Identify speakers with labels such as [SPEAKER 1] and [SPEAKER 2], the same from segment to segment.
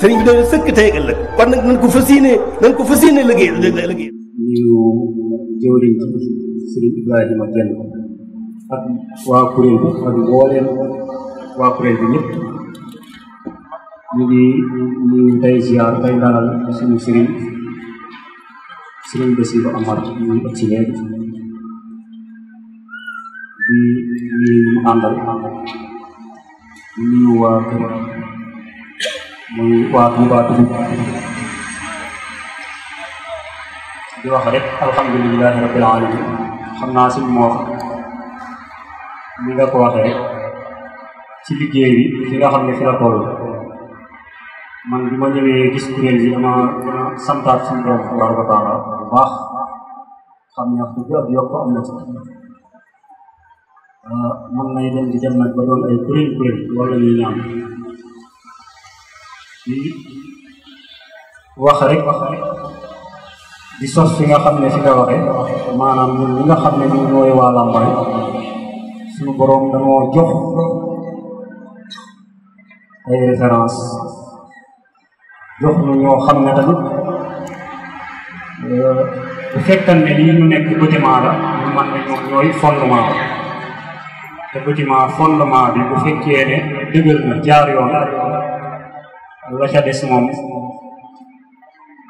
[SPEAKER 1] sëriñ bi daal sëkk tey ëllëg kon nag nañ ko fas yéene nañ ko fas yéene liggéey liggéey. ñu jëwriñ ci sëriñ Ibrahima Dieng ak waa kuréel bi ak mbooleem waa kuréel bi ñëpp ñu ngi ñu tey ziar tey dalal suñu sëriñ Amar ñu ngi ci léegi di muy waa Touba Toul di wax rek alhamdulilahi rabbil alamin xam naa suñ moo xam li ko waxee ci liggéey bi fi nga xam ne fi la toll man bi ma gis kuréel yi dama dama santaat suñu borom tabaraka wa taala bu baax xam ne ku ab yokk am na ah, man nay dem di nag ba doon ay kuréel kuréel loolu la ñuy di wax rek di sos fi nga xam ne fi nga waxee maanaam ñun ñi nga xam ne ñu ñooy waa Lambaye boroom dañoo jox ay référence jox ñu ñoo xam ne tamit euh, bu fekkan ne lii ñu nekk bâtiment la ñu man ne ñoom ñooy fondement te bâtiment fondement bi bu fekkee ne dëgër na jaar yoon la ca des moom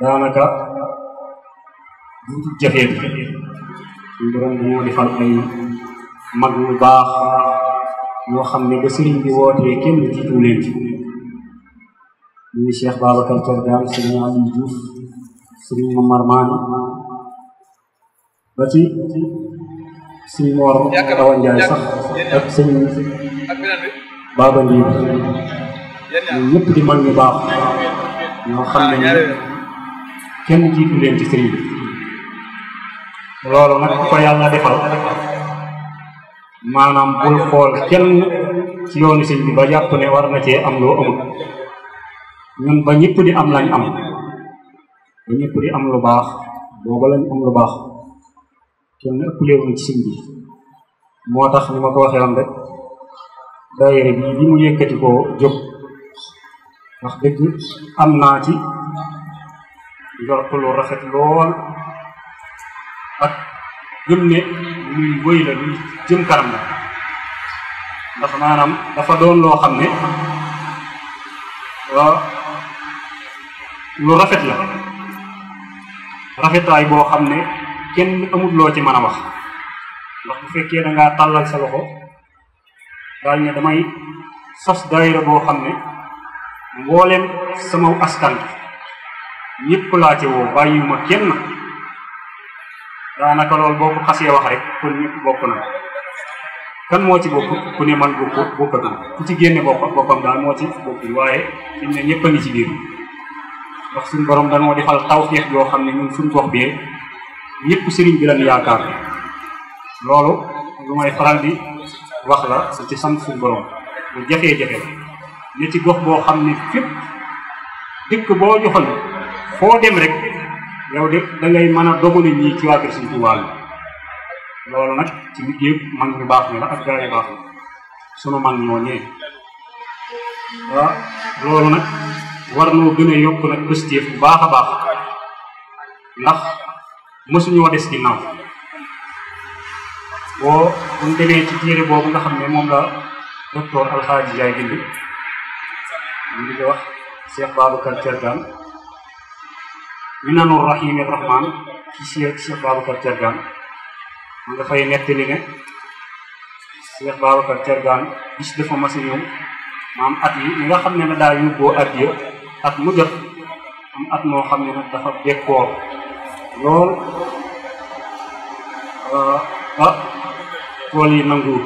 [SPEAKER 1] daanaka duutu jafee suñu borom bi moo defal mag ñu baax ñoo xam ne ba sëriñ bi wootee kenn jiitu leen ci ñuy Cheikh Babacar Thiergane sëriñ Aliou Diouf sëriñ Momar Maane ba ci sëriñ Mor Awa sax ak sëriñ Baba Ndiaye ñoom ñépp di mag ñu baax ñoo xam ne ñu kenn jiitu leen ci sëriñ bi loolu nag ku ko defal maanaam bul xool kenn ci yoonu sëñ bi ba jàpp ne war na cee am loo amul ñun ba ñëpp di am lañ am ba ñëpp di am lu baax booba lañ am lu baax kenn ëpp léewuñ ci sëñ bi moo tax ni ma ko waxee woon rek daayira bi bi mu yëkkati koo jóg wax dëgg am naa ci njort lu rafet lool ak gëm ne luy wëy la luy jëm kanam la ndax maanaam dafa doon loo xam ne lu rafet la rafetaay boo xam ne kenn amut loo ci mën ndax bu fekkee da ngaa tàllal sa loxo daal ne damay sos daayira boo xam ne mboolem sama askan bi ñëpp laa ci woo bàyyiwuma kenn daanaka loolu boo ko xasee wax rek kon ñëpp bokk na kan moo ci bokk ku ne man bokk bokkagum ku ci génne bokk boppam daal moo ci bokkul waaye fimu ne ñëpp a ngi ci biir ndax suñ borom dañoo defal tawfeex yoo xam ne ñun suñ gox bee ñëpp sëriñ bi lañ yaakaar loolu lu may faral di wax la ci sant suñ borom lu jafee jafe ne ci gox boo xam ne fépp dëkk boo joxal foo dem rek yow de dangay ngay mën a dogu ne ñii ci waa kër Sëriñ Tuubaa loolu nag ci liggéey mag ñu baax na la ak gaa baax na sunu mag ñoo ñëwee waaw loolu nag war noo gën a yokk nag pëstéef bu baax a baax ndax mësuñoo des ginnaaw boo buñ demee ci téere boobu nga xam ne moom la docteur Alxaaji Jaay bind ñu ngi ko wax Cheikh Babacar Thiergane minanu rahimi nga xam ne na daa yóbboo addiya at mu am at moo xam ne nag dafa bekkoor lool ah, ah tool yi nanguwul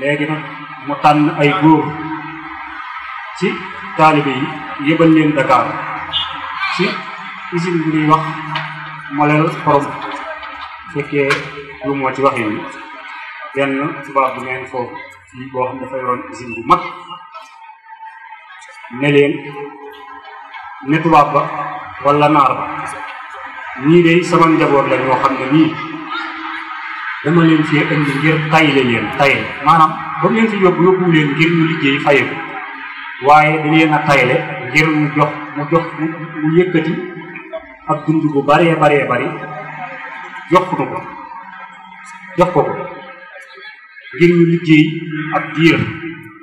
[SPEAKER 1] léegi nag mu tànn ay góor ci taalibe yi yëbal leen Dakar ci usine bu wax Molel Xorom fekkee lu moo ci waxee ni benn tubaab bu neen foofu fii boo xam dafa yoroon usine bu mag ne leen ne tubaab ba wala naar ba ñii de sama njaboot la ñoo xam ne nii dama leen fee indi ngir tayle leen tayle maanaam ba mu fi yóbbu yóbbu leen ngir ñu liggéey fayeku waaye da leen a tayle ngir mu jox mu jox mu yëkkati ak dund bu baree baree bari jox nu ko jox ko ko ngir ñu liggéey ak diir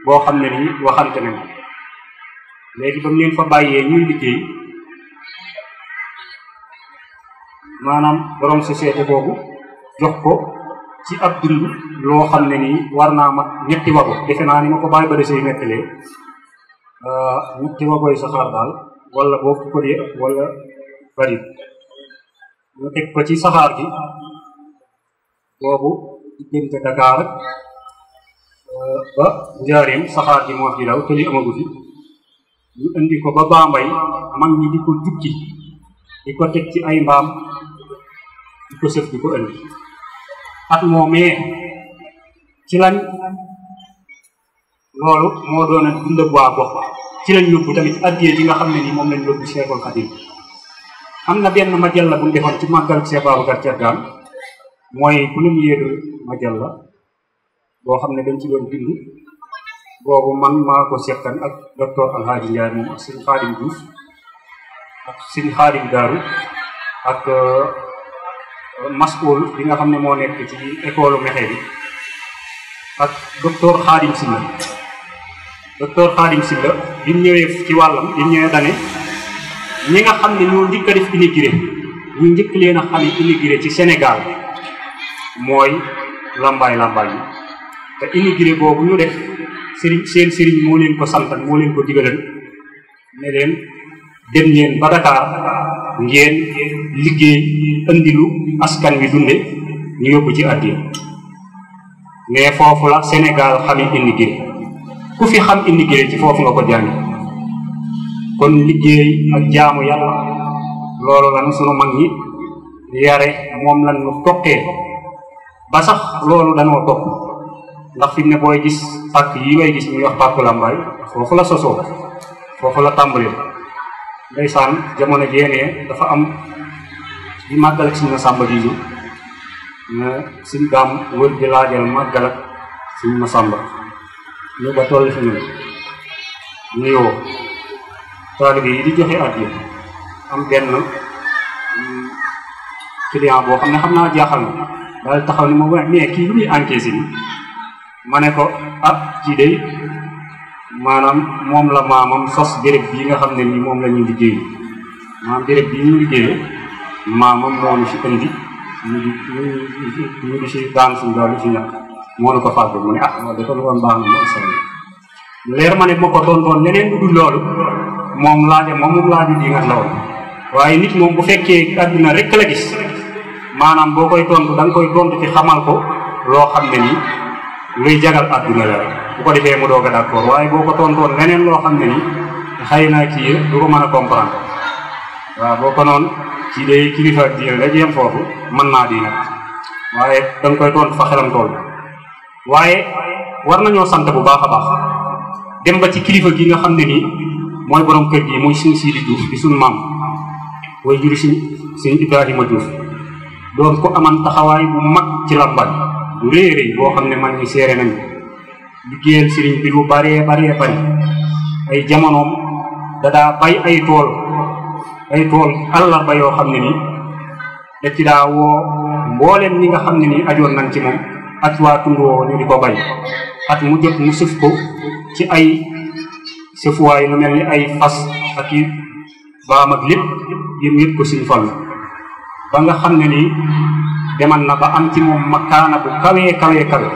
[SPEAKER 1] boo xam ne nii waxante nañ léegi ba mu leen fa bàyyee ñuy liggéey maanaam borom société boobu jox ko ci ab dund loo xam ne nii war naa ma ñetti wago defe naa ni ma ko bàyyi ba desee nettalee wut ci nga koy saxaar daal wala boo ko përie wala bari nga teg ko ci saxaar gi boobu diggante Dakar uh, ba njaareem saxaar gi moo fi te li amagu fi ñu indi ko ba Bambey mag ñi di ko jukki di ko teg ci ay mbaam di ko sëf di ko indi at moomee ci lañ loolu moo doon a dundab waa gox ba ci lañ yóbbu tamit addiyee yi nga xam ne nii moom lañ yóbbu Cheikhul Khadim am benn majalla bu ñu defoon ci màggal Cheikh Babacar Thiergane mooy ku xam ne dañ ci doon bind boobu man maa ko seqan ak docteur Xaadim Diouf ak euh, bi nga xam ne moo nekk ci docteur Khadim Silla bi ñëwee ci wàllam bi ñëwee dane ñi nga xam ne ñoo njëkk a def immigré ñu njëkk leen a xame immigré ci Sénégal mooy lambaay lambaay yi te immigré boobu ñu def sëriñ moo leen ko santan moo leen ko digalan ne leen dem leen ba Dakar ngeen liggéey andilu askan wi dunde ñu yóbbu ci àddina mais foofu la Sénégal xame immigré ku fi xam i liggéey ci foofu nga ko jàng kon liggéey ak jaamu yàlla loolu lan sunu mag ñi yare moom lan nu toqee ba sax loolu danoo topp ndax fi ne booy gis pàkk yi ngay gis ñuy wax pàkku foofu la sosoo foofu la tàmbali ndeysaan jamono jeenee dafa am di màggal ak suñu sàmba ji na daam wër di laajal màggal ak suñu sàmba lu ba toll fi ñun nuyoo taalibe yi di joxe at yi am benn mm, client boo xam ne xam naa jaaxal na daal taxaw ni ma wax mais kii lu muy encaissé ni ma ne ko ah ci day maanaam moom la maamam sos béréb bii nga xam ne nii moom lañuy ñuy liggéey maanaam béréb bii ñu liggéeyee maamam moo ñu si indi ñu di ñu di si daan suñu daal di si moo la ko fàggul mu ne ah leer ma ne bu ko tontoon leneen lu dul loolu moom laa dem moom moom laa di nga loolu waaye nit moom bu fekkee àdduna rek la gis maanaam boo koy tontu da koy tontu ci xamal ko loo xam ne nii luy jagal àdduna la bu ko defee mu doo a d'accord waaye boo ko tontoon leneen loo xam ne nii xëy naa kii du ko mën a comprendre waaw boo ko noonu kii day kilifa diine la jéem foofu mën naa di nag waaye da koy tontu fa xelam waaye war nañoo sant bu baax a baax dem ba ci kilifa gi nga xam ne nii mooy borom kër gi mooy suñu Sidi Diouf di suñu maam way juri suñ suñ Ibrahima Diouf doon ko aman taxawaay bu mag ci Lambaye bu rëy a boo xam ne man ñu seere nañu liggéeyal sëriñ bi lu baree baree bari ay jamonoom da daa bay ay tool ay tool àllarba yoo xam ne nii da ci daa woo mbooleem ñi nga xam ne nii ajoon nañ ci moom ak waa tund woowu ñu di bay at mu jot mu sëf ko ci ay sëfuwaay lu mel ni ay fas ak i baam ak lépp yëpp yëpp ko suñ fàll ba nga xam ne nii demal na ba am ci moom makaana bu kawee kawee kawe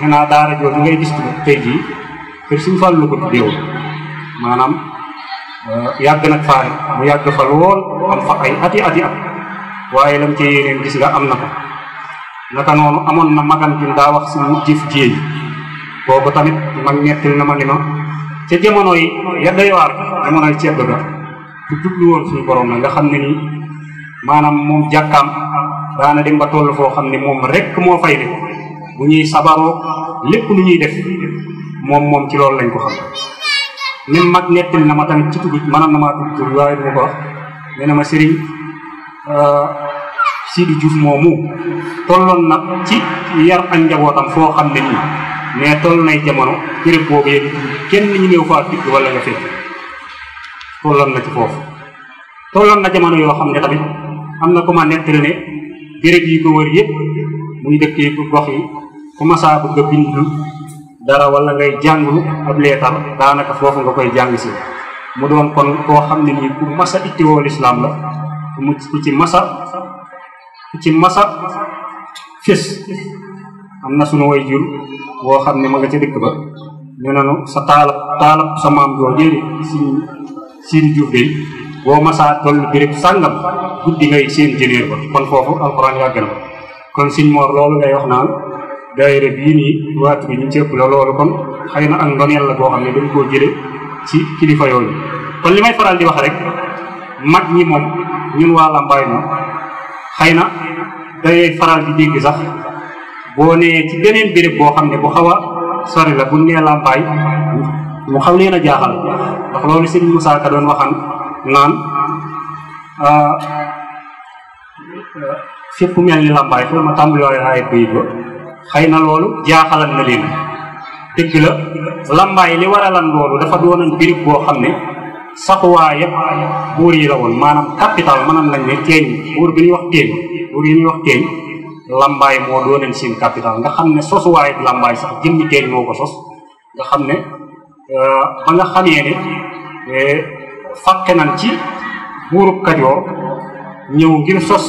[SPEAKER 1] gannaaw daara jooju ngay gis tey jii kër suñ fàll lu ko maanaam euh, yàgg nag faare mu yàgg fa lool am fa ay ati ati at waaye lam ci yéeneen gis nga am na ko naka noonu amoon na magan bi daa wax si mujjif jéey kooku tamit mag ñettil na ma ni ma ca jamono yi ya doy waar jamono yi cedd ga ku jublu woon xam ne nii maanaam moom jàkkaam daana dem ba toll foo xam ne moom rek moo fay ne bu ñuy sabaroo lépp lu ñuy def moom moom ci loolu lañ ko xam même mag nettil na ma tamit ci tudd mënoon na maa tudd tur waaye du ma ko na ma sëriñ Sidi Diouf moomu tolloon na ci yar ak njabootam foo xam ne nii mais toll nay jamono béréb boobu yéen kenn ñu néew faa dugg wala nga fekk tolloon na ci foofu. tolloon na jamono yoo xam ne tamit am na comment nettali ne béréb yi ko wër yëpp muy dëkkee gox yi ku masaa bëgg a bindu dara wala ngay jànglu ab leetar daanaka foofu nga koy jàng si mu doon kon koo xam ne nii ku masa itti woo lislaam la mu ku ci masa ci masa fis am na sunu way jur woo xam ne ma nga ca dëkk ba nee nañu sa taalab taalab sa maam joojee de si siidi Juuf de boo masaa toll béréb sàngam guddi ngay seen jëneer ba kon foofu alxuraan yàgg na kon siñ moor loolu ngay wax naan daayira bii nii waatu bi ñu cëpp la loolu kon xëy na ak ndoneel la boo xam ne dañ koo jële ci kilifa yooyu kon li may faral di wax rek mag ñi moom ñun waa Lambaay moom xëy na dangay faral di dégg sax boo nee ci beneen béréb boo xam ne bu xaw sori la bu nee làmbaay mu xaw leen a jaaxal ndax loolu sëñ Moussa Ka doon waxan naan ah, fépp mel ni làmbaay foofu ma tàmbaliwaay ay bayit ba xëy na loolu jaaxalan na leen dëgg la làmbaay li war a lan loolu dafa doonan béréb boo xam ne saxuwaayëpp buur yi la woon maanaam capital mënoon nañ ne teeñ buur bi ñuy wax teeñ buur yi ñuy wax teeñ lambaay moo dooneen seen capital nga xam ne sosuwaay ak lambaay sax jëmmi teeñ moo ko sos nga xam ne euh, ba nga xamee ne euh, fàkke nañ ci buurub Kajoor ñëw ngir sos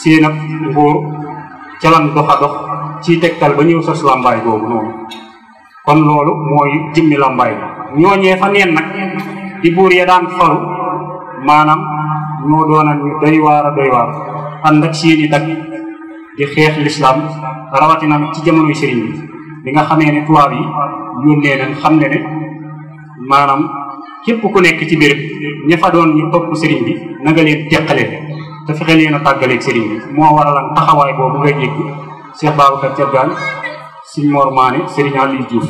[SPEAKER 1] seen ak nguur ca lan dox a dox ci tegtal ba ñëw sos lambaay boobu noonu kon loolu mooy jëmmi lambaay ñooñee fa neen nag di buur ya daan faru maanaam ñoo doonal ñu doy waar a ak seeni dag di xeex lislaam rawatina ci jamonoy sëriñ bi bi nga xamee ni tubaab yi yónnee leen xam ne ne maanaam képp ku nekk ci béréb ña fa doon ñu topp sëriñ bi na nga leen teqale te fexe leen a tàggaleeg sëriñ bi moo waraloon taxawaay boobu nga jégg Cheikh Babacar Thiabgal Sëriñ Mor Maane Sëriñ Aliou Diouf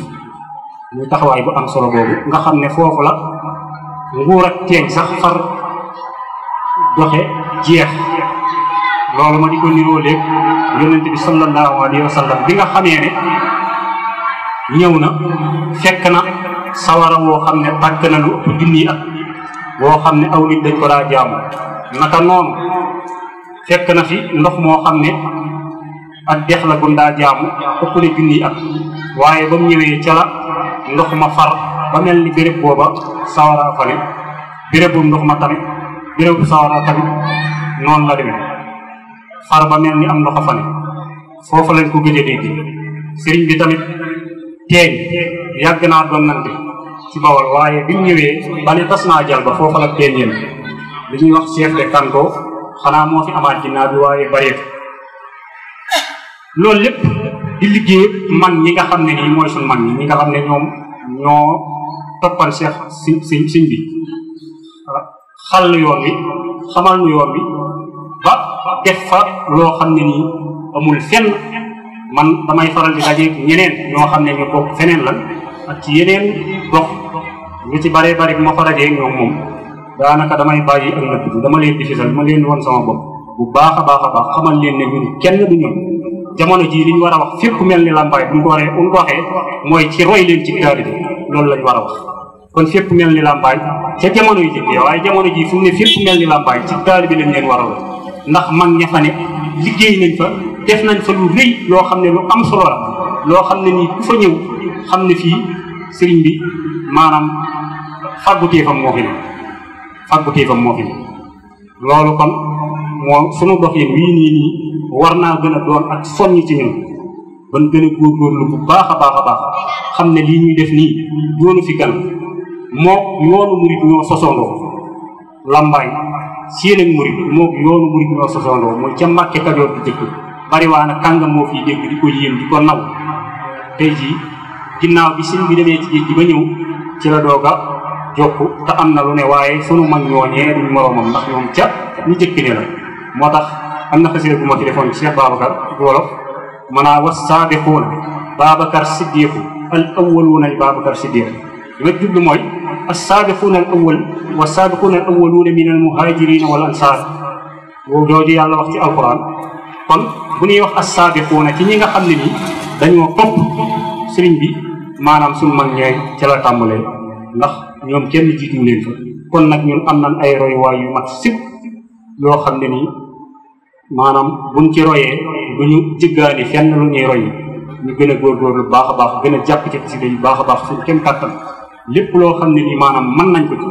[SPEAKER 1] muy taxawaay bu am solo boobu nga xam ne foofu la nguur ak teeñ sax far doxe jeex loolu ma di ko niroo léeg yonent bi sallallahu alayhi wa sallam bi nga xamee ne ñëw na fekk na sawara woo xam ne tàkk na lu junni at woo xam ne aw nit dañ ko daa jaamu naka noonu fekk na fi ndox moo xam ne ak dex la gun daa jaamu ëpp na junni at waaye ba ñëwee ca ndox ma far ba mel ni béréb booba sawara fa ne bérébu ndox ma tamit bérébu sawara tamit noonu la demee xar ba mel ni am ndox a fa ne foofu ko gëj a sëriñ bi tamit teeñ yàgg naa doon nante ci bawol waaye bi mu ñëwee ba ne tas naa jal ba foofa la teeñ yéen li ñuy wax chef de canton xanaa moo fi amaat ginnaaw bi waaye bareetu loolu lépp di liggéey man ñi nga xam ne nii mooy suñu man ñi nga xam ne ñoom ñoo toppal cheikh si si siñ bi xal nu yoon bi xamal nu yoon bi ba def fa loo xam ne nii amul fenn man damay faral di daje ñeneen ñoo xam ne ñu bokk feneen lan ak ci yeneen dox lu ci baree bari bu ma fa dajee ñoom moom daanaka damay bàyyi ak la tudd dama leen di ma dama leen woon sama bopp bu baax a baax a baax xamal leen ne ñun kenn du ñun jamono jii li ñu war a wax fépp mel ni làmbaay bu ñu ko waree bu ñu ko waxee mooy ci roy leen ci taalibe loolu la war a wax kon fépp mel ni làmbaaj ca jamono yi jëkk waaye jamono ji fu mu ne fépp mel ni làmbaaj ci taali bi lañ leen la ndax man ña fa ne liggéey nañ fa def nañ fa lu rëy loo xam ne lu am solo la loo xam ne nii ku fa ñëw xam ne fii sëriñ bi maanaam fàggu téefam moo fi ne fàggu téefam moo fi ne loolu kon moo sunu doxin wii nii nii war naa gën a doon ak soññ ci ñun ban gën a góorgóorlu bu baax a baax a baax xam ne lii ñuy def nii doonu fi gan mook yoonu murit ñoo sosoondoo làmbaay seen ak murit mook yoonu murit ñoo mooy ca Mbàkke Kajoor bu jëkk bariwaan a kàngam moo fi dégg di ko yéem di ko naw tey jii ginnaaw bi sëñ bi demee ci na lu ne waaye sunu mag ñooñee moo tax am na xasida bu ma ci defoon Cheikh Babacar wolof manaa was saabixuuna Babacar Siddiqu al awwaluuna Babacar Siddiq li ma jublu mooy as-saabiquuna al-awwal wa as-saabiquuna al-awwaluuna min al-muhaajiriina wal ansaar boobu doo yàlla wax ci alquran kon bu ñuy wax as-saabiquuna ci ñi nga xam ne nii dañoo topp sëriñ bi maanaam suñu mag ñeeg ca la tàmbalee ndax ñoom kenn jiitu leen kon nag ñun am nañ ay royuwaay yu mat sib yoo xam ne nii maanaam buñ ci royee du ñu jëggaani fenn lu ñuy roy ñu gën a góorgóorlu baax a baax gën a jàpp ci xasida yi baax a baax su kenn kàttan lépp loo xam ne nii maanaam man nañ ko ci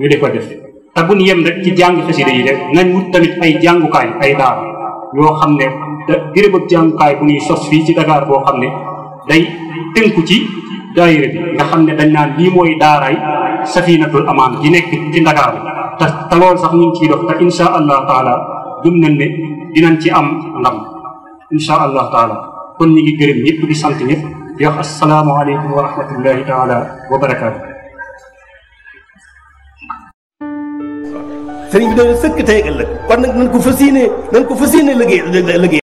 [SPEAKER 1] ñu def a def te bu ñu yem rek ci jàng xasida yi rek nañ wut tamit ay jàngukaay ay daara yoo xam ne da ba jàngukaay bu ñuy sos fii ci Dakar boo xam ne day tënku ci daayira bi nga xam ne dañ naan lii mooy daaraay safinatul amaan ji nekk ci Dakar te te loolu sax ñu ngi ciy dox te insha allah taala gëm nañ ne dinañ ci am ndam insha allah taala kon ñu ngi gërëm ñëpp di sant ñëpp. di wax asalaamualeykum wa rahmatullahi taala wa barakaatu. sëriñ bi dana sëkk tey ëllëg kon nag nañ ko fas yéene nañ ko fas yéene liggéey liggéey